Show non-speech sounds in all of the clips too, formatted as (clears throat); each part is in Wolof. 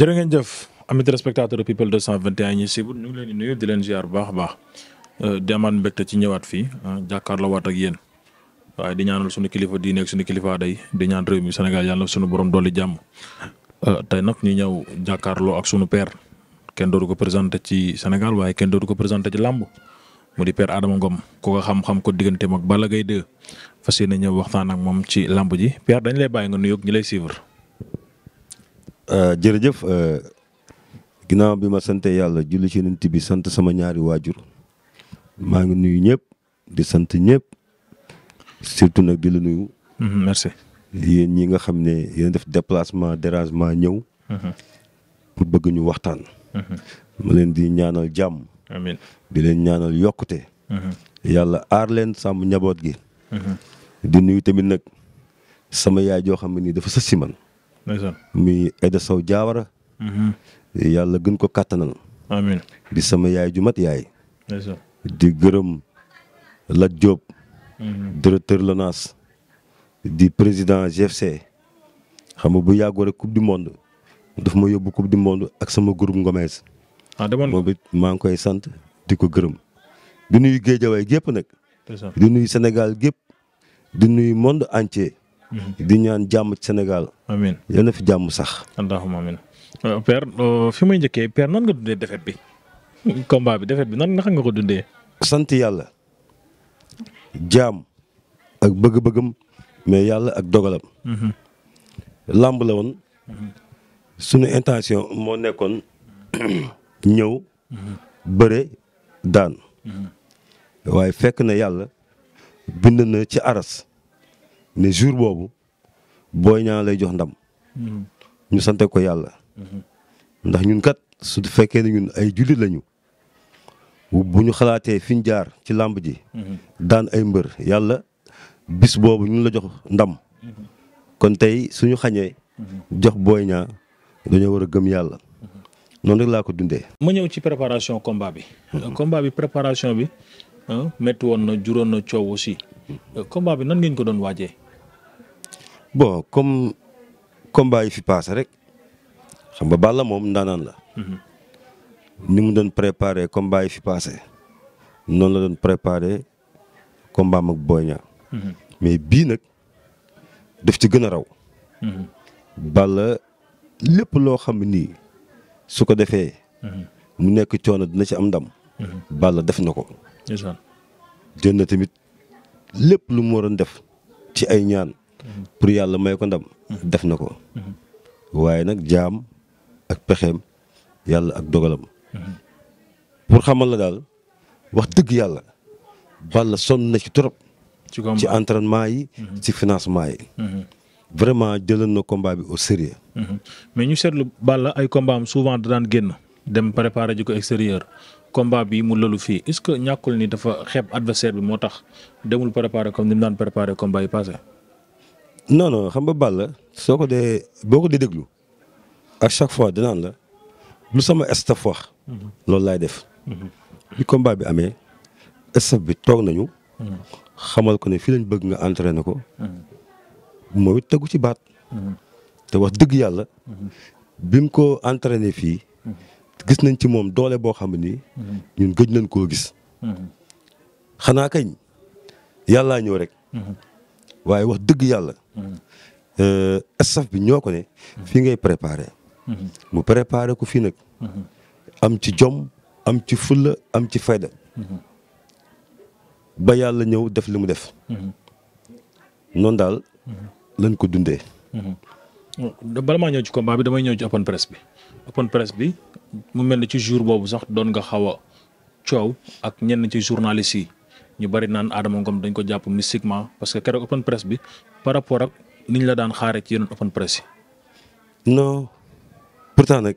jërë ngeen jëf amit respectateur people 221 ñi sibut ñu ngi leen di nuyu di leen ziar baax a baax euh, di amaat ci ñëwaat fii ah, jàkkaarloowaat ak yéen waaye di ñaanal suñu kilifa di nekk suñu kilifaa day di ñaan réew mi Sénégal yàlla na suñu borom dolli jàmm euh, tey nag ñu ñëw jàkkaarloo ak sunu père kenn dootu ko présenté ci Sénégal waaye kenn dootu ko présenté ci làmb mu di père Adama Ngom ku ko xam-xam ko digganteem ak Balla Gaye 2 fas yéene ñëw waxtaan ak moom ci làmb ji père dañ lay bàyyi nga nuyoog ñi lay suivre. Euh, jërëjëf euh, ginnaaw bi ma sante yàlla julli ci nant bi sant sama ñaari waajur maa ngi nuyu ñëpp di sant ñëpp surtout nag di la nuyu. Mhm, merci ñi nga xam ne yéen def déplacement dérangement ñëw. Mhm. pour bëgg ñu waxtaan. Mhm. ma leen di ñaanal jàmm. amiin di leen ñaanal yokkute. yàlla aar leen sàmm njaboot gi. di nuyu tamit nag sama yaay joo xam ne nii dafa sa si muy Aida Sow Diawara mhm. yàlla gën ko kàttanal di sama yaay ju mat yaay di gërëm Lat Diop mhm. directeur LONASE di président GFC xam nga bu yàggoo rek coupe du monde daf ma yóbbu coupe du monde ak sama groupe Ngomès ah demoon maa ngi koy sant di ko gërëm di nuyu géejawaay gépp nag di nuyu Sénégal gépp di nuyu monde entier Mhm. di ñaan jàmm ci Sénégal. amiin fi jàmm sax. allahumma euh, euh, fi may njëkkee père nan nga dundee defet bi (laughs) combat bi defet bi nan naka nga ko dundee. sant yàlla jaam ak bëgg-bëggam mais yàlla ak dogalam. Mhm. làmb la woon. Mhm. suñu intention moo nekkoon (clears throat) ñëw. bëre daan. waaye fekk na yàlla bind na ci aras. ne jour boobu Boy Niang lay jox ndam. Mm-hmm. ñu sante ko yàlla. Mm-hmm. ndax ñun kat su fekkee ne ñun ay jullit lañu. bu ñu xalaatee fi ñu jaar ci làmb ji. Mm-hmm. daan ay mbër yàlla bis boobu ñun la jox ndam. kon tey suñu xañee. jox Boy ñaa dañoo war a gëm yàlla. noonu rek laa ko dundee. ma ñëw ci préparation combat bi. combat bi préparation bi ah, métti woon na juróon na coow aussi. combat bi nan ngeen ko doon waajee. bon comme combat yi fi paase rek xam nga Balla moom ndaanaan la. Mhm. ni mu doon préparé combat yi fi paase noonu la doon préparé combat am ak Boy mhm. mais bii nag daf ci gën a raw. Mhm. Balla lépp loo xam ni su ko defee. mu nekk coono dina ci am ndam. Balla def na ko. jël na tamit lépp lu mu waroon def ci ay ñaan. pour yàlla may ko ndam. def na ko. waaye nag jaam ak pexeem yàlla ak dogalam. pour xamal la daal wax dëgg yàlla Balla sonn na ci trop. ci ci entraînement yi. Mhm. ci financement yi. Mhm. vraiment jëlal na combat bi au sérieux. Mhm. mais ñu seetlu Balla ay combat am souvent daan génn dem préparer ji ko extérieur combat bi mu lalu fii est-ce que ñàkkul ni dafa xeeb adversaire bi moo tax demul préparer comme ni mu daan préparer combat yi passé. non non xam nga la soo ko dee boo ko dee déglu ak chaque fois dinaan la lu sama staff wax. loolu laay def. Mhm. bi combat bi amee staff bi toog nañu. Mhm. xamal ko ne fii lañ bëgg nga entraîné ko. Mhm. mooy tegu ci baat. te wax dëgg yàlla. bi mu ko entraîné fii. gis nañ ci moom doole boo xam ni. ñun gëj nañ koo gis. xanaa kañ yàllaa ñëw rek. waaye wax dëgg yàlla. Euh, staff bi ñoo ko ne. fii ngay préparé. mu préparé ko fii nag. am ci jom am ci fulla am ci fayda. ba yàlla ñëw def li mu def. noon daal lañ ko dundee. bala maa ñëw ci combat bi damay ñëw ci open press bi open press bi mu mel ni ci jour boobu sax doon nga xaw a coow ak ñenn ci journaliste yi. ñu bari naan Adama Ngom dañ ko jàpp mystiquement parce que keroog open press bi par rapport ak niñ la daan xaaree ci yeneen open press yi. non pourtant nag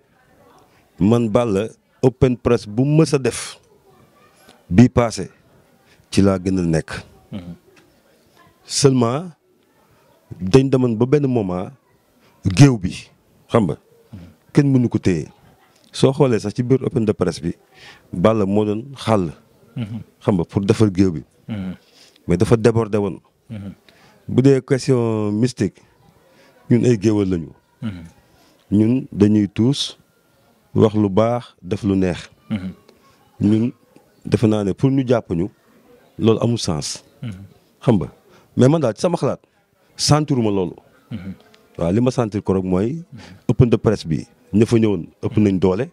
man Balla open press bu mës a def bii passé ci laa gën a nekk. Mhm. seulement dañ deman ba benn moment géew bi xam nga kenn mënu ko téye soo xoolee sax ci biir open de presse bi Balla moo doon xàll. xam nga pour defal géew bi. mais dafa débordé woon. bu dee question mystique ñun ay géewal lañu. ñun dañuy tuus wax lu baax def lu neex. ñun defe naa ne pour ñu jàpp ñu loolu amul sens. xam nga mais man daal sama xalaat sentiruma loolu. waaw li ma sentir ko rek mooy. open de presse bi ña fa ëpp nañ doole.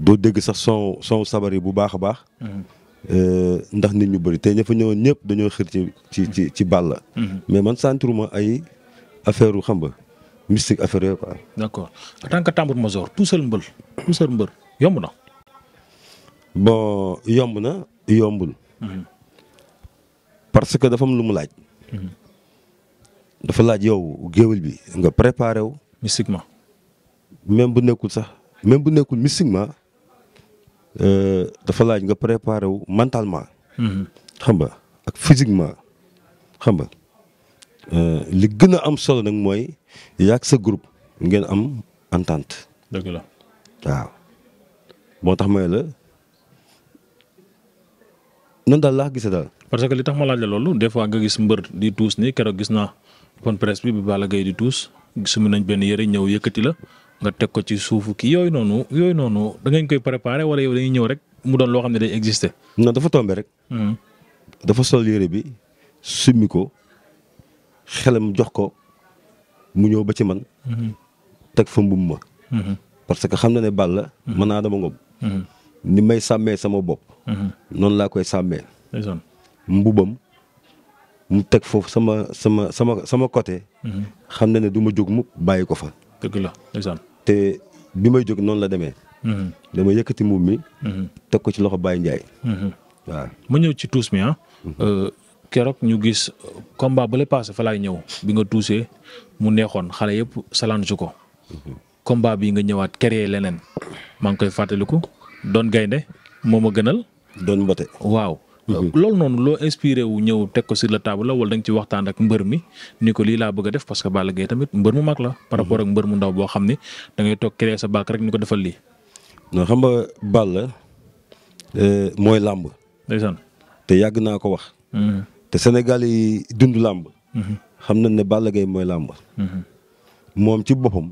doo dégg sax son son sabar yi bu baax a baax. Mm-hmm. Euh, ndax nit ñu bëri te ña fa ñëwoon ñëpp dañoo xër ci ci ci ci Balla. Mm-hmm. mais man sentiruma ay affaire yu xam nga mystique affaire yooyu quoi. d' accord en tant que tambour major tout seul mbër tout seul mbër yomb na. bon yombul. Mm-hmm. parce que dafa am lu mu laaj. dafa laaj yow géwél bi nga préparé wu. mystiquement. même bu nekkul sax même bu nekkul mystiquement Euh, dafa laaj nga préparer wu mentalement. Mhm. xam nga ak physiquement xam nga euh, li gën a am solo nag mooy yàgg sa groupe ngeen am entente. dëgg la waaw moo tax may la noonu daal laa gisee daal. parce que li tax ma laaj la loolu des fois nga gis mbër di tuus nii keroog gis naa kon presse bi bi Balla Gaye di tuus sumi nañ benn yëre ñëw yëkkati la. nga teg ko ci suufu kii yooyu noonu yooyu noonu da ngeen koy préparer wala yow dañuy ñëw rek mu doon loo xam ne day exister. non dafa tombé rek. Hmm. dafa sol yére bi summi ko xelam jox ko mu ñëw ba ci man. Hmm. teg fa mbubb ma. Hmm. parce que xam na ne Balla. mën naa dama ngob. ni may sàmmee sama bopp. noonu laa koy sàmmee. mbubam mu teg foofu sama sama sama sama côté. xam na ne du ma jóg mu bàyyi ko fa. dëgg la te bi may jóg noonu la demee. Mhm. dama yëkkati mbubb mi. Mhm. teg ko ci loxo Baye Ndiaye. Mhm. waaw ma ñëw ci tuus mi ah. Euh, keroog ñu gis combat ba la passé fa laay ñëw bi nga tuusee mu neexoon xale yëpp salaan ko. combat bi nga ñëwaat créer leneen maa ngi koy fàttaliku doon gaynde moo ma gënal. doon mbote Mhm. loolu noonu loo inspiré wu ñëw teg ko sur la table la wala da nga ci waxtaan ak mbër mi ni ko lii laa bëgg a def parce que Balla Gaye tamit mbër mu mag la. par mhm. rapport ak mbër mu ndaw boo xam ne da ngay toog créer sa barke rek ni ko defal lii. non xam nga Balla euh, mooy làmb. te yàgg naa ko wax. Mhm. te Sénégal yi dund làmb. xam nañ ne Balla mooy làmb. moom ci boppam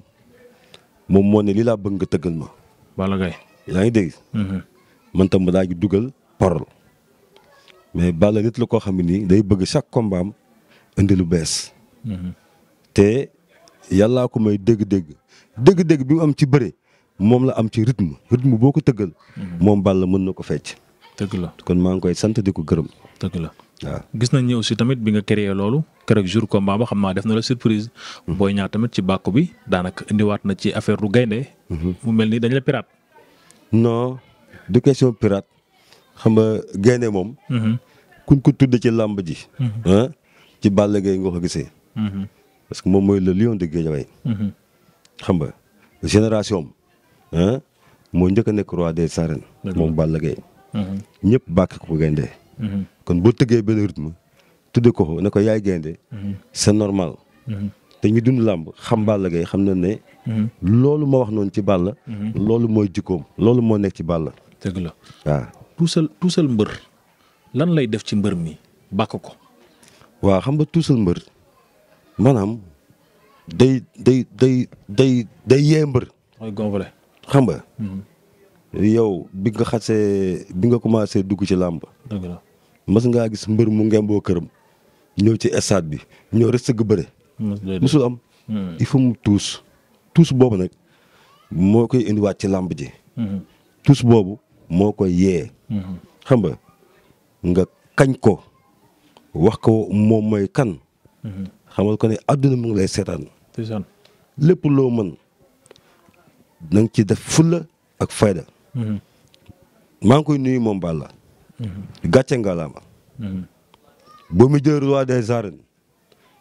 moom moo ne lii laa bëgg nga tëggal ma. Balla Gaye yaa ngi dégg. man tam ma daa dugal parole. mais Balla nit la koo xam ne nii day bëgg chaque combat am indi lu bees. Mhm. te yàllaa ko may dégg-dégg dégg-dégg bi mu am ci bëre moom la am ci rythme rythme boo ko tëggal. Mhm. moom la mën na ko fecc. dëgg la kon maa ngi koy sant di ko gërëm. dëgg la waaw gis na ne aussi tamit bi nga créé loolu keroog jour combat ba xam naa def na la surprise. Mhm. booy ñaar tamit ci bàkku bi daanaka indiwaat na ci affaire ru gaynde mu mel ni dañ la pirate. non du question pirate xam nga gaynde moom. Mm-hmm. kuñ ko tudd ci làmb ji. Mm-hmm. Ah, ci Balla Gaye nga ko gisee. Mm-hmm. parce que moom mooy la lion de Guédiawaye. xam nga génération ah, moo njëkk a nekk roi des arènes. moom Balla Gaye. ñëpp bàkk ko gaynde kon boo tëggee benn rythme tudde ko ne ko yaay gaynde c'est normal. te ñu dund làmb xam Balla Gaye xam na ne. loolu ma wax noonu ci Balla. loolu mooy jikkoom loolu moo nekk ci Balla. dëgg la waaw. tuusal tuusal mbër lan lay def ci mbër mi bakk ko. waaw xam nga tuusal mbër maanaam day day day day day yee mbër. mooy gonflé xam nga. Mhm. yow bi nga xasee bi nga commencé dugg ci làmb. dëgg la mas ngaa gis mbër mu ngemboo këram. ñëw ci stade bi ñëw rek sëgg bëre. musul am. Mhm. il mu tuus tuus boobu nag moo koy indiwaat ci làmb ji. Mhm. tuus boobu moo koy yee. xam nga nga kañ ko wax ko moom mooy kan. xam xamal ko ne àdduna mu ngi lay seetaan. lépp loo mën na nga ci def fulla ak fayda. maa ngi koy nuyu moom Balla. gàcce ngalaama. ba mu jël roi des arènes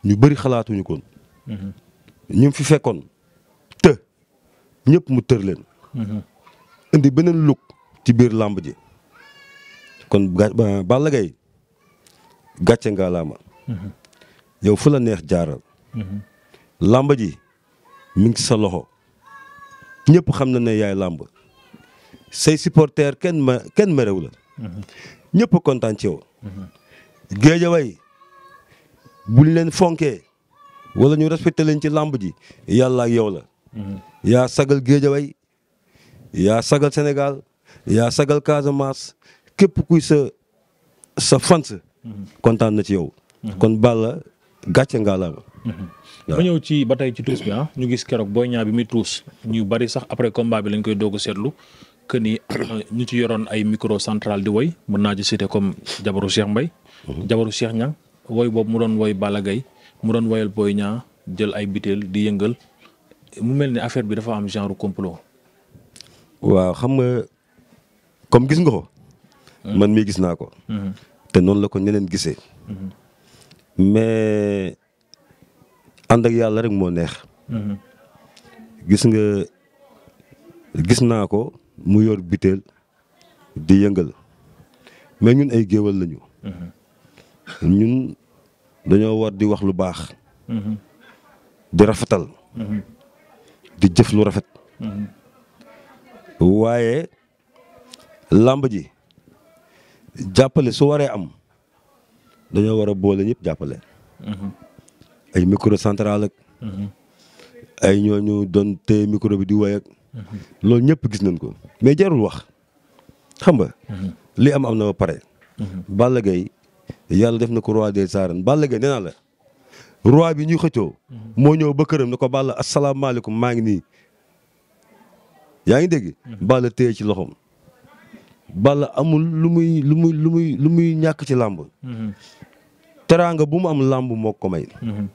ñu bari xalaatuñu ko. ñu fi fekkoon të ñëpp mu tër leen. indi beneen lug ci biir làmb ji. kon Balla Gaye gàcce ngaalaama yow fu la neex jaaral làmb ji mi ngi sa loxo ñëpp xam na ne yaay làmb say supporter kenn ma merew la ñëpp a kontaan ci yow géejaway buñ leen fonkee wala ñu respecté leen ci làmb ji yàlla yow la yaa sagal géejaway yaa sagal Sénégal yaa sagal Casamance képp kuy sa sa fans kontaan na ci yow. Mhm. kon Balla gàcce ngaalaama. Mhm. ba ñëw ci ba tey ci tuus bi ah ñu gis keroog booy Niang bi muy tuus ñu bari sax après combat bi lañ koy doog seetlu que ni (coughs) ñu ci yoroon ay micro centrale di woy mën naa ci cité comme jabaru Cheikh mbay mhm. jabaru Cheikh Niang woy boobu mu doon woy Balla gay mu doon woyal Boy ñaa jël ay biteel di yëngal mu mel ni affaire bi dafa am genre complot. waaw xam nga comme gis nga ko. Mm-hmm. man mi gis naa ko. Mm-hmm. te noonu la ko ñeneen gisee. Mm-hmm. mais ànd ak yàlla rek moo neex. gis nga gis naa ko mu yor biteel di yëngal mais ñun ay géwal lañu. ñun dañoo war di wax lu baax. di rafetal. di jëf lu rafet. waaye làmb ji. jàppale su waree am dañoo war a boole ñëpp jàppale. ay micro central ak. ay ñooñu doon téye micro bi di woy ak. loolu ñëpp gis nañ ko mais jarul wax xam nga. li am am na ba pare. Balla Gaye yàlla def na ko roi des arènes Balla Gaye nee naa la roi bi ñuy xëccoo. moo ñëw ba këram ne ko Balla asalaamaaleykum maa ngi nii yaa ngi dégg. Balla téye ci loxoom. Balla amul lu muy lu muy lu muy lu muy ñàkk ci làmb mhm. teraanga bu mu am làmb moo ko may mhm.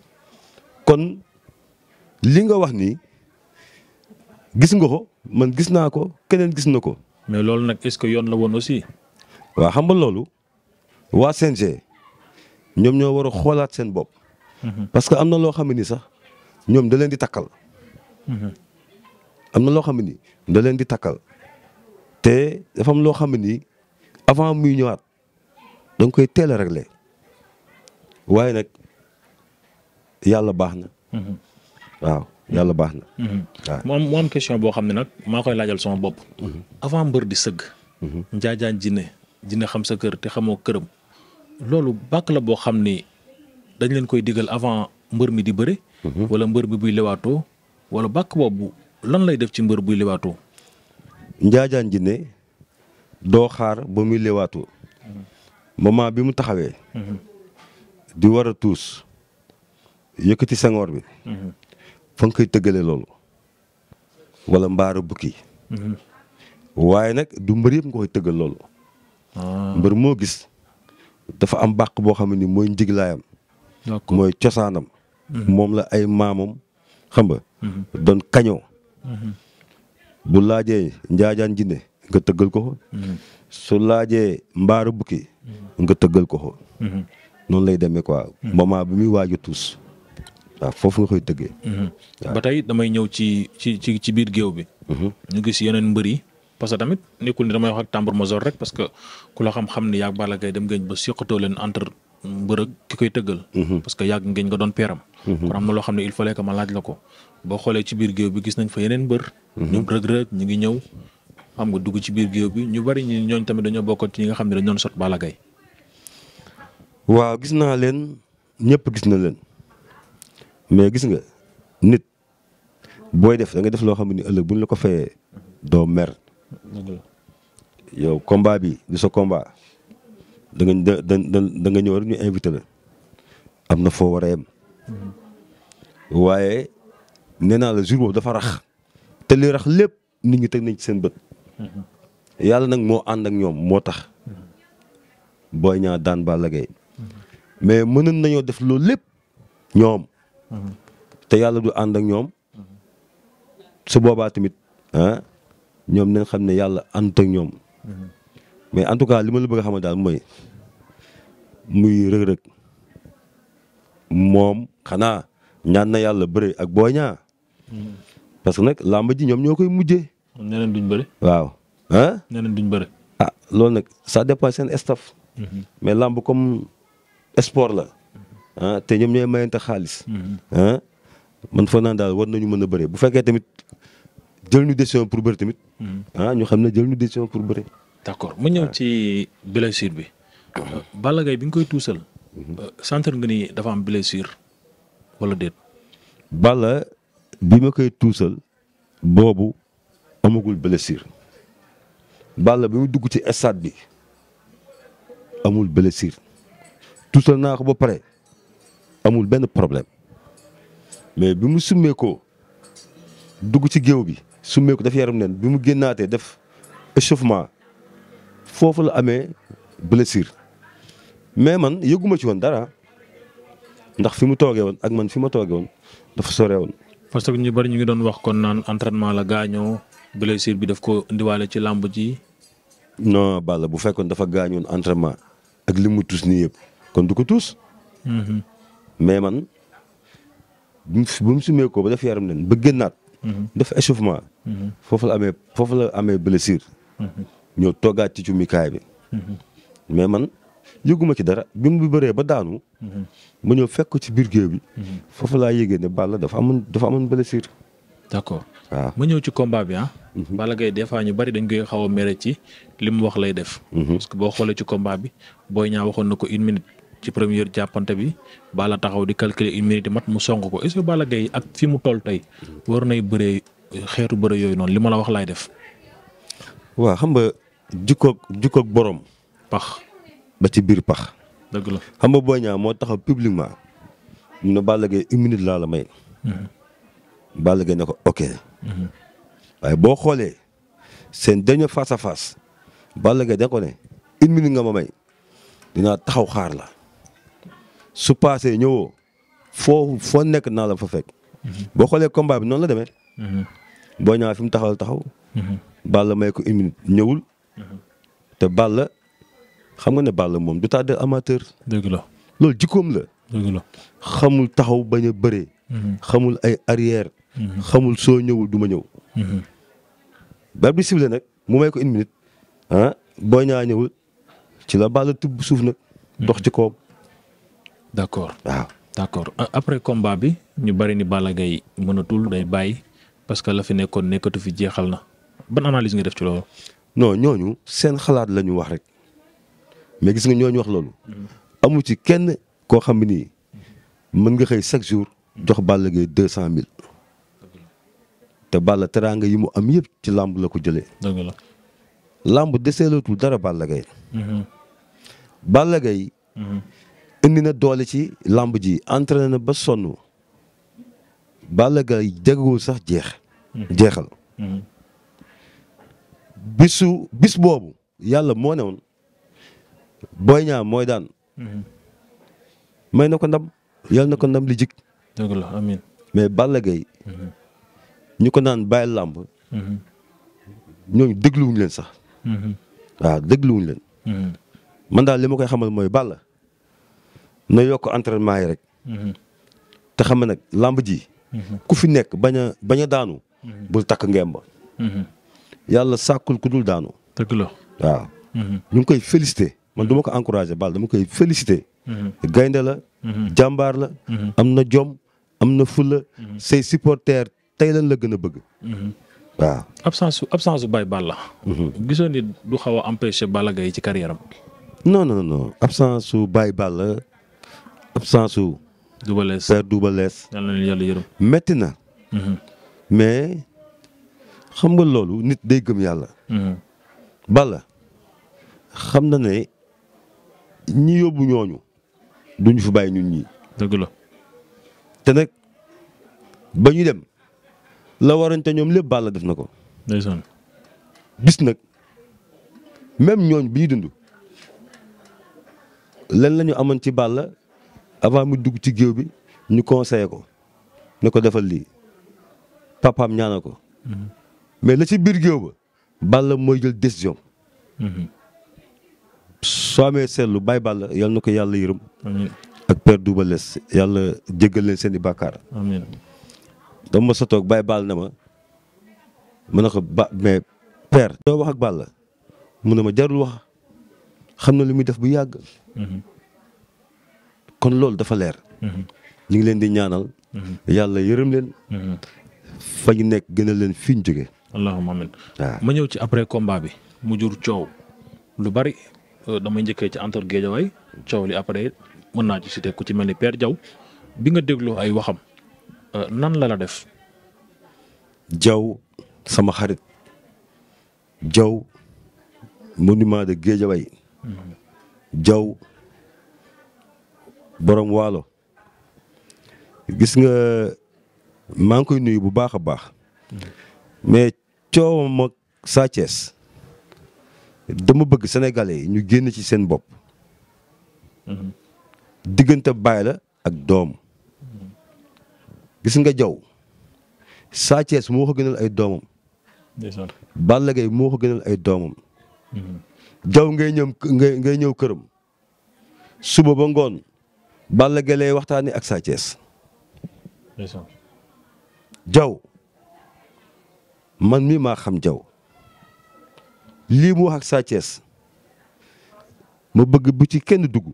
kon li nga wax ni gis nga ko man gis naa ko keneen gis na ko mais loolu nag est-ce yoon la woon aussi waa xam nga loolu waa CNG ñoom ñoo war a xoolaat seen bopp mhm. parce que am na loo xam ne ni sax ñoom da leen di takkal am na loo xam ne da leen di takkal te dafa am loo xam ni avant muy ñëwaat da koy teel rek réglé waaye nag yàlla baax na. Mhm. waaw yàlla baax na. Mhm. waaw mu am question boo xam ne nag maa koy laajal sama bopp. Mhm. avant mbër di sëgg. njaajaan jinne jinne xam sa kër te xamoo këram. loolu bàkk la boo xam ni dañ leen koy digal avant mbër mi di bëre. wala mbër bi buy lewaatoo wala bàkk boobu lan lay def ci mbër buy lewaatoo. njaajaan jinne doo xaar ba muy lewaatu moment bi mu taxawee di war a tuus yëkkati sangoor bi fa nga koy tëggale loolu wala mbaaru bukki waaye nag du mbër yëpp nga koy tëggal loolu ah. mbër moo gis dafa am bàq boo xam ni mooy njiglaayam mooy cosaanam mhm. moom la ay maamam xam nga mhm. doon kañoo mhm. bu laajee njaajaan jinne nga tëggal ko ko mhm. su laajee mbaaru bukki mhm. nga tëggal ko ko mhm. noonu lay demee quoi moment bu muy waaj a tuus waaw foofu nga koy tëggee ba tey damay ñëw ci ci ci ci biir géew bi ñu gis yeneen mbër yi parce que tamit nekkul ni damay wax ak Tambour Major rek parce que ku la xam-xam ni yaag Balla kay dem ngeen ba siqatoo leen entre mbër ak ki koy tëggal parce que yàgg ngeen nga doon peeram kon am na loo xam ne il fallait que ma laaj la ko boo xoolee ci biir géew bi gis nañ fa yeneen mbër. Mhm. ñoom rëg-rëg ñu ngi ñëw xam nga dugg ci biir géew bi ñu bari ñi ñooñ tamit dañoo bokkoon ci xam ne dañu doon sot Balla Gaye gis naa leen ñëpp gis na leen mais gis nga nit booy def da nga def loo xam ne ëllëg buñ la ko fayee doo yow combat bi du sa combat da ñëw rek ñu invité la am na foo war mhm. waaye nee naa la jour boobu dafa rax te li rax lépp nit ñi teg nañ ci seen bët. yàlla nag moo ànd ak ñoom moo tax. booy ñaa daan Balla Gaye mais mënoon nañoo def loolu lépp ñoom. te yàlla du ànd ak ñoom. su boobaa tamit ah ñoom nañ xam ne yàlla àndut ak ñoom. mais en tout cas li la bëgg a xamal daal mooy muy rëg-rëg moom xanaa ñaan na yàlla bëre ak Boy Niang parce que nag làmb ji ñoom ñoo koy mujjee. ñeneen duñ bëri. waaw ah. ñeneen duñ bëri. ah loolu nag ça dépend seen staff. Mhm. mais làmb comme sport la. ah te ñoom ñooy mayante xaalis. Mhm. man foog naa daal war nañu mën a bëri bu fekkee tamit jël ñu décision pour bëri tamit. ah ñu xam ne jël ñu décision pour bëri. d'accord mu ñëw ah. ci blessure bi. Balla Gaye bi nga koy tuusal. Euh, sentir nga ni dafa am blessure wala déet. Balla bi ma koy tuusal boobu amagul blessure Balla bi mu dugg ci stade bi amul blessure tuusal naa ko ba pare amul benn problème mais bi mu summeekoo dugg ci géew bi summeeku daf yaram nen bi mu génnaatee def échauffement foofu la amee blessure mais man yëguma ci woon dara ndax fi mu toogee woon ak man fi ma toogee woon dafa sore woon parce que ñu bari ñu ngi doon wax kon naan entraînement la gaañoo blessure bi daf ko indiwaale ci làmb ji. non Balla bu fekkoon dafa gaañoon entraînement ak li mu tuus nii yëpp kon du ko tuus. Mhm. mais man bu mu bu mu sumee ko ba def yaram leen ba génnaat. Mhm. def échauffement. Mhm. foofu la amee foofu la amee ñëw toggaat ci cumikaay bi. mais yëguma ci dara bi mu bëree ba daanu. Mhm. ma ñëw fekk ci biir géew bi. Mhm. foofu laa yëgee ne Balla dafa amoon dafa amoon blessure. d'accord waaw ma ñëw ci combat bi ah. Mhm. bala Gaye des fois ñu bari dañ koy xaw a mere ci li mu wax lay def. parce que boo xoolee ci combat bi Boy Niang waxoon na ko une minute ci première jàppante bi bala taxaw di calculer une minute mat mu sonk ko est-ce que ak fi mu toll tey war nay bëree euh, xeetu bëre yooyu noonu li ma la wax laay def. waa xam nga jukkoog jukkoog borom. ba ci biir pax. dëgg la xam nga Boy Niang moo taxaw publiquement mu ne Balla Gaye une minute laa la may. Mhm. ball Gaye ne ko ok. Mhm. waaye boo xoolee seen dernier face à face Balla Gaye da ko minute nga ma may dinaa taxaw xaar la su paasee ñëwoo foo foo nekk naa la fa fekk. Mhm. boo xoolee combat bi noonu la demee. Boy Niang fi mu taxaw taxaw. Balla may ko une minute ñëwul. te Balla xam nga ne Balla moom du tas de amateur. loolu jikkoom la. dëgg la xamul taxaw bañ a bëree. Mhm. xamul ay arrière. Mhm. xamul soo ñëwul du ma ñëw. Mhm. ba bi sible nag mu may ko une minute ah, boo ñaa ñëwul ci la Balla tibb suuf nag. dox ci kawam. d' accord waaw. d' accord après combat bi ñu bari ni Balla Gaye mënatul day bàyyi parce que la fi nekkoon nekkatu fi jeexal na ba ban analyse nga def ci loolu. non ñooñu seen xalaat la wax rek. mais gis nga ñooñu wax loolu. amu ci kenn koo xam ne nii mën nga xëy chaque jour jox Balla Gaye deux cent mille. te Balla teraanga yi mu am yëpp ci làmb la ko jëlee. dëgg la làmb deseelatul dara Balla Gaye. Mm-hmm. Balla mm-hmm. na doole ci làmb ji entraîné na ba sonn. Balla Gaye jegewul sax jeex. Mm-hmm. jeexal. bisu bis boobu yàlla moo Boy Niang mooy daan. Mhm. may na ko ndam yal na ko ndam li mais Balla Gaye mhm. ñu ko naan bàyyi làmb. Mhm. ñooñu dégluwuñ leen sax. waaw dégluwuñ leen. man daal li ma koy xamal mooy Balla na yokk entraînement yi rek. te xam nag làmb ji. ku nekk bañ bañ a daanu. bul takk ngemba. yàlla sàkkul ku daanu. dëgg la waaw. ñu koy félicité. man du ma ko encouragé Balla dama koy félicité. Mm-hmm. gaynde la. Mm-hmm. jàmbaar la. Mm-hmm. am na jom am na fulla. say supporters tey lan la gën a bëgg. waaw absence su absence su Baye Balla. gisoon ni du xaw a empêché Balla Gaye ci carrière am. non absence su Baye Balla absence su. Double Less père Double Less. na mais xam nga loolu nit day gëm yàlla. Balla xam na ne ñi yóbbu ñooñu duñu fi bàyyi ñun ñii. dëgg te nag ba ñu dem la warante ñoom lépp Balla def na ko. ndeysaan. bis nag même ñooñ bi ñu dund lan la ñu amoon ci Balla avant mu dugg ci géew bi ñu conseillé ko na ko defal lii papaam ñaanal ko. Mm-hmm. mais la ci biir géew ba Balla mooy jël décision. Mm-hmm. soo amee seetlu Baye Balla yal na ko yàlla yërëm. ak Père Douba Les yàlla jéggal leen seen i bàkkaar. amiin dama ma sa toog Baye Balla na ma ma ne ko ba mais Père. doo wax ak la mu ne ma jarul wax xam na lu muy def bu yàgg. Mhm. kon loolu dafa leer. Mhm. ñu ngi leen di ñaanal. Mhm. yàlla yërëm leen. fa ñu nekk gënal leen fi ñu jógee. allahumma amiin. ma ñëw ci après komba bi mu jur coow lu bari. Euh, damay njëkkee ci entre Guédiawaye coow li après mën naa ci cité ku ci mel ni Père jaw bi nga déglu ay waxam euh, nan la la def. jaw sama xarit jaw monument de Guédiawaye. jaw borom waalo gis nga maa ngi koy nuyu bu baax a baax. Mm-hmm. mais coowam ak Sa Thiès dama bëgg sénégalais ñu génn ci seen bopp. diggante baay la ak doom. gis nga jaw Sa Thiès moo ko gënal ay doomam. Balla Gaye moo ko gënal ay doomam. Mhm. jaw ngay ñëw ngay ñëw këram. suba ba ngoon Balla Gaye lay waxtaanee ak Sa Thiès. jaw man mii maa xam jaw lii mu wax ak Sa mu bëgg bu ci kenn dugg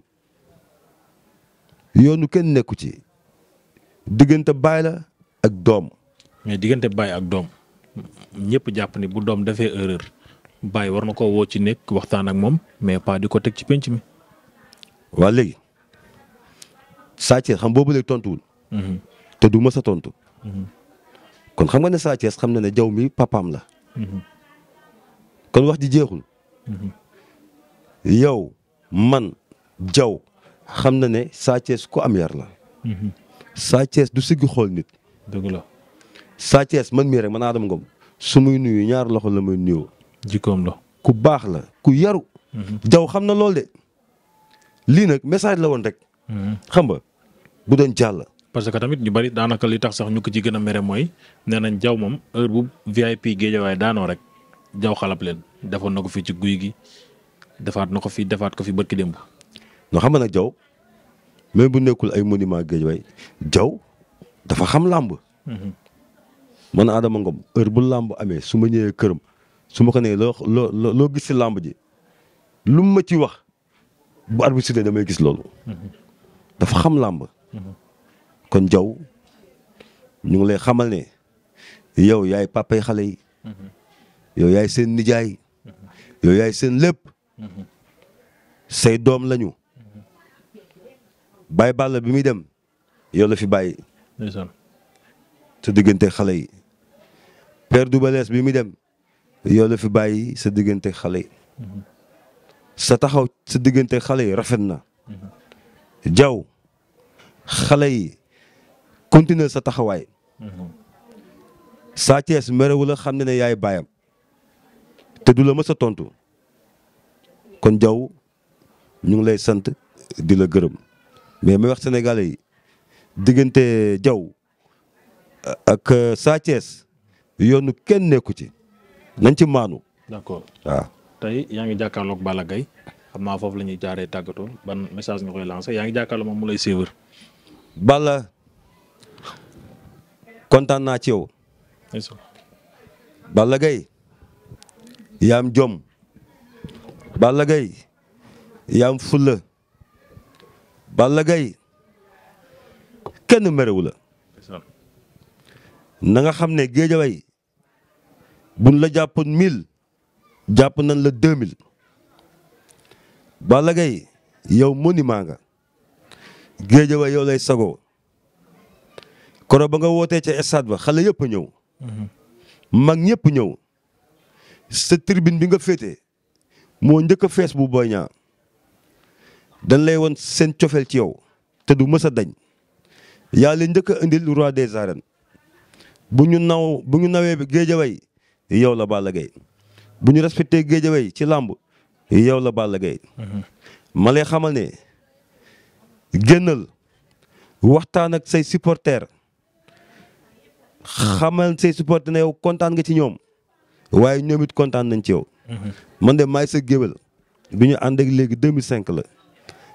yoonu kenn nekku ci diggante baay la ak doom. mais diggante baay ak doom ñëpp jàpp ni bu doom dafee erreur baay war na koo woo ci nekk waxtaan ak moom mais pas di ko teg ci penc mi. waa léegi Sa xam boobu léegi tontuwul. Mhm. te du mës tontu. Mhm. kon xam nga ne Sa Thiès xam na ne jaww mi papaam la. Mhm. kon wax ji jeexul. yow man jaw xam na ne Sa Thiès ku am yar la. Sa Thiès du siggi xool nit. dëgg la Sa Thiès man mii rek man Adama Ngom su muy nuyu ñaar loxo la may nuyoo. jikkoom la ku baax la ku yaru. Mhm. jaw xam na loolu de lii nag message la woon rek. Mhm. xam nga bu doon jàll. parce que tamit ñu bari daanaka li tax sax ñu ko ci gën a mere mooy nee jaw moom heure bu VIP géejawaay daanoo rek jaw xalab leen. defoon na ko fii ci guy gi defaat na ko fi defaat ko fi bërki démb. noo xam nga nag Jaw même bu nekkul ay monument géej way Jaw dafa xam làmb. Mhm. man Adama Ngom heure bu làmb amee su ma ñëwee këram su ma ko nee loo loo loo gis si làmb ji lu ma ci wax bu arbitre damay gis loolu. Mhm. dafa xam làmb. Mhm. kon Jaw ñu ngi lay xamal ne yow yaay papay xale yi. yow yaay seen nijaay. yow yaay seen lépp say doom lañu bàyyi bàll bi muy dem yow la fi bàyyi sa diggante xale yi père Doubalees bi muy dem yow la fi bàyyi sa diggante xale sa taxaw sa diggante xale yi rafet na jaw xale yi continuer sa taxawaay Sa Thiès merewul la xam ne ne yaay baayam te du la mës a tontu kon jaw ñu ngi lay sant di la gërëm mais may wax sénégalais diggante jaw euh, ak euh, Sa Thiès yoonu kenn nekku ci nañ ci maanu. d'accord waaw. tey yaa ngi jàkkaarloog Balla gay xam naa foofu la ñuy jaaree tàggatoo ban message nga koy lancé yaa ngi jàkkaarloo moom mu lay suivre. Balla kontaan naa ci yow. Balla Gaye yam jom Balla gay yaa am fulla Balla Gaye kenn merewu la na xam ne géejaway buñ la jàppoon mil jàpp nañ la deux mille Balla Gaye yow monument nga géejaway yow lay sago koro ba nga wootee ca stade ba xale yëpp ñëw mhm. mag ñëpp ñëw sa tribune bi nga féete moo njëkk a fees bu Boy Niang dañ lay woon seen cofeel ci yow te du mës a dañ yaa leen njëkk a indil roi des arènes bu ñu naw bu ñu nawee géejaway yow la Balla Gaye bu ñu respecté géejaway ci làmb yow la Balla Gaye mhm. ma lay xamal ne génnal waxtaan ak say supporters xamal say supporters ne yow kontaan nga ci ñoom waaye ñoom kontaan nañ ci yow. Mhm. man de maay sa géwél bi ñu ànd léegi 2005 la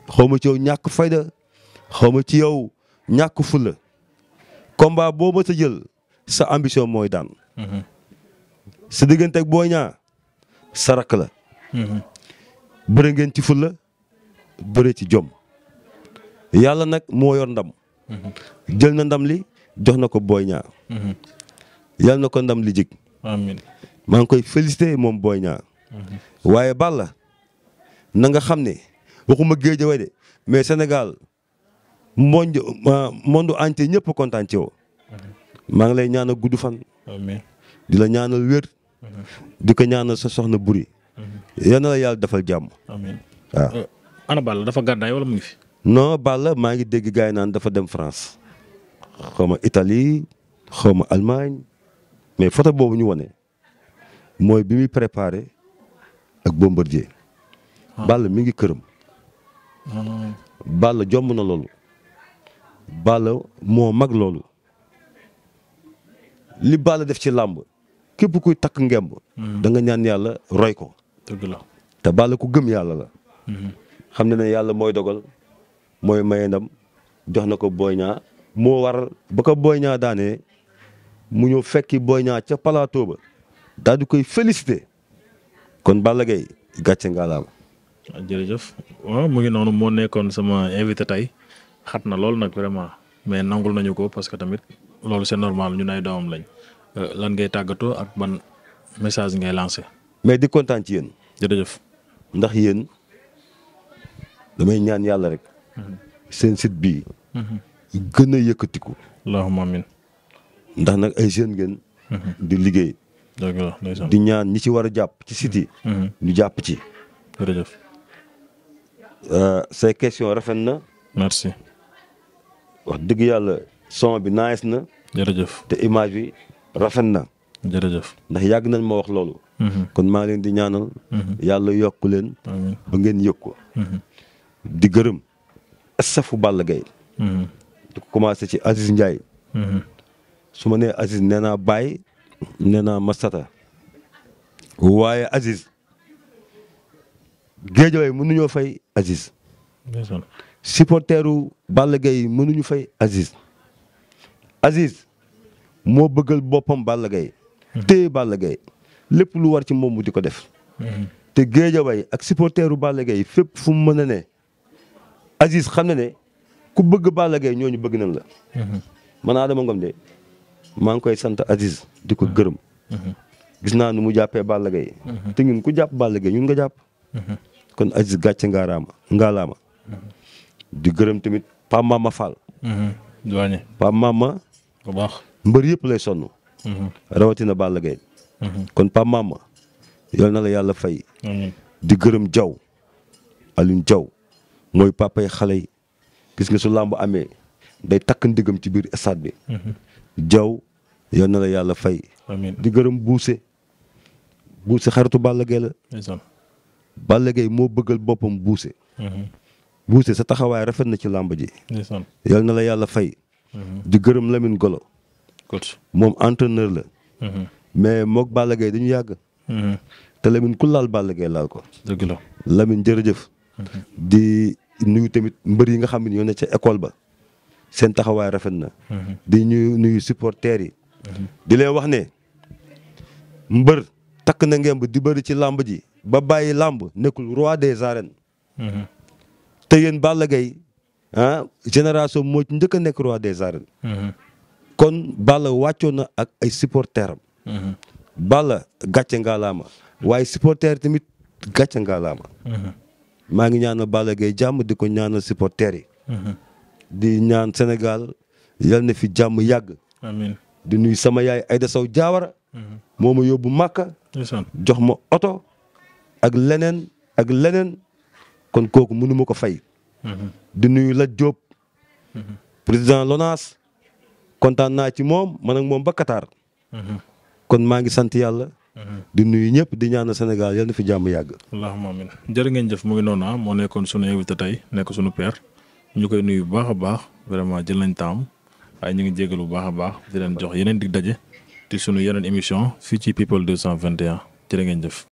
xaw ma ci yow ñàkk fayda xaw ma ci yow ñàkk fulla combat boo ma sa jël sa ambition mooy daan. Mhm. sa diggante ak Boy Niang sa rakk la. Mhm. bëre ngeen ci fulla bëre ci jom yàlla nag moo yor ndam. jël na ndam li jox na ko Boy Niang. yàlla na ko ndam li jig. maa ngi koy félicité moom booy Niang waaye Balla na nga xam ne waxuma Guédiawaye de mais Sénégal monde monde ñëpp kontaan ci yow. maa ngi lay ñaana gudd fan. di la ñaanal wér. di ko ñaanal sa soxna buri yal na la yàlla defal jàmm. waaw. Eh, ana Balla dafa gàddaay wala mu ngi fi. non Balla maa ngi dégg gars yi naan dafa dem France. xaw ma Italie xaw ma Allemagne mais photo boobu ñu wane. mooy bi muy préparé ak bombardier. Ah. Balla mi ngi këram. Balla jomb na loolu. Balla moo mag loolu. li Balla def ci làmb képp kuy takk ngemb. Hmm. da ñaan yàlla roy ko. dëgg te Balla ku gëm yàlla la. Hmm. xam na ne yàlla mooy dogal mooy maye ndam jox na ko Boy Niang moo war ba ko booy Niang daanee mu ñëw fekki Boy ñaa ca plateau ba. daal di koy félicité kon Balla Gaye gàcce ngaalaam. Ah, jërëjëf waaw mu ngi noonu moo nekkoon sama invité tey xat na lool nag vraiment mais nangul nañu ko parce que tamit loolu c'est normal ñun ay doomam lañ euh, lan ngay tàggatoo ak ban message ngay lancé. mais di kontaan ci yéen. jërëjëf. ndax yéen damay ñaan yàlla rek. Mhm. seen site bi mhm. gën a yëkkatiku. allahumma ndax nag ay jeunes ngeen. Mhm. di liggéey. di ñaan ñi ci war a jàpp ci site yi. Mm-hmm. Mm-hmm. jàpp ci. jërëjëf. Euh, say rafet na. merci. wax dëgg yàlla son bi nice na. jërëjëf te image bi rafet na. jërëjëf ndax yàgg nañ ma wax loolu. Mm-hmm. kon maa leen di ñaanal. yàlla yokk leen. ba ngeen yëg ko. di gërëm. safu Balla Gaye di ko commencé ci Aziz Ndiaye. su ma nee Aziz nee naa Baye. nee naa Massata waaye Aziz géejawaay mënuñoo fay Aziz. supporteru Balla Gaye mënuñu fay Aziz. Aziz moo bëggal boppam Balla Gaye hmm. téye Balla Gaye lépp lu war ci moom mu di ko def. Hmm. te géejawaay ak supporteru Balla Gaye fépp fu mu mën a ne. Aziz xam na ne ku bëgg Balla Gaye ñooñu bëgg nañ la. Hmm. man Adama Ngom de maa ngi koy sant Aziz di ko hmm. gërëm. Hmm. gis naa nu mu jàppee Balla Gaye hmm. te ku jàpp Balla Gaye ñun nga jàpp. kon Aziz gàcce ngaaraama ngaalaama. di gërëm tamit Pape Mama Fall. doyen Pape Mama. bu baax mbër yëpp lay sonn. rawatina Balla Gaye kon Pape Mama yal na la yàlla fay. di gërëm Jaw Alioune Jaw mooy papay xale yi gis nga su làmb amee day takk ndigam ci biir stade bi. jaw yal na la yàlla fay. di gërëm buuse buuse xaritu Balla Gaye la. Balla Gaye moo bëggal boppam buuse. Mhm. buuse sa taxawaay rafet na ci làmb ji. yal na la yàlla fay. Mhm. di gërëm Lamine Golo. moom entraîneur la. Mhm. mais moog Balla Gaye dañu yàgg. te Lamine ku laal Balla Gaye laal ko. dëgg la Lamine jërëjëf. di nuyu tamit mbër yi nga xam ne ñoo ne ca école ba. seen taxawaay rafet na. Mhm. di nuyu supporters yi. Mhm. di leen wax ne mbër takk na ngemb di bëri ci làmb ji ba bàyyi làmb nekkul roi des arènes. Mhm. te yéen Balla Gaye ah génération moo njëkk a nekk roi des arènes. kon bala wàccoon na ak ay supporters am. Balla gàcce ngaalaama waaye supporter tamit gàcce ngaalaama. maa ngi ñaanal Balla Gaye jàmm di ko ñaanal supporters yi. di ñaan Sénégal yal na fi jàmm yàgg. di nuyu sama yaay ay Aïda Sow Diawara. Mhm. moo ma yóbbu Màkka. jox ma oto ak leneen ak leneen kon kooku mënuma ko fay. Mhm. di nuyu la Diop. Mhm. président Lonas kontaan naa ci moom man ak moom ba Qatar. kon maa ngi sant yàlla. di nuyu ñëpp di ñaan Sénégal yal na fi jàmm yàgg. allahumma amiin jërë ngeen jëf mu ngi noonu ah, moo nekkoon sunu invité tey nekk sunu père. ñu koy nuyu baax a baax vraiment jël nañ taam waaye ñu ngi jégalu baax a baax di leen jox yeneen di daje te sunu yeneen émission fii ci people 221 jërë ngeen jëf.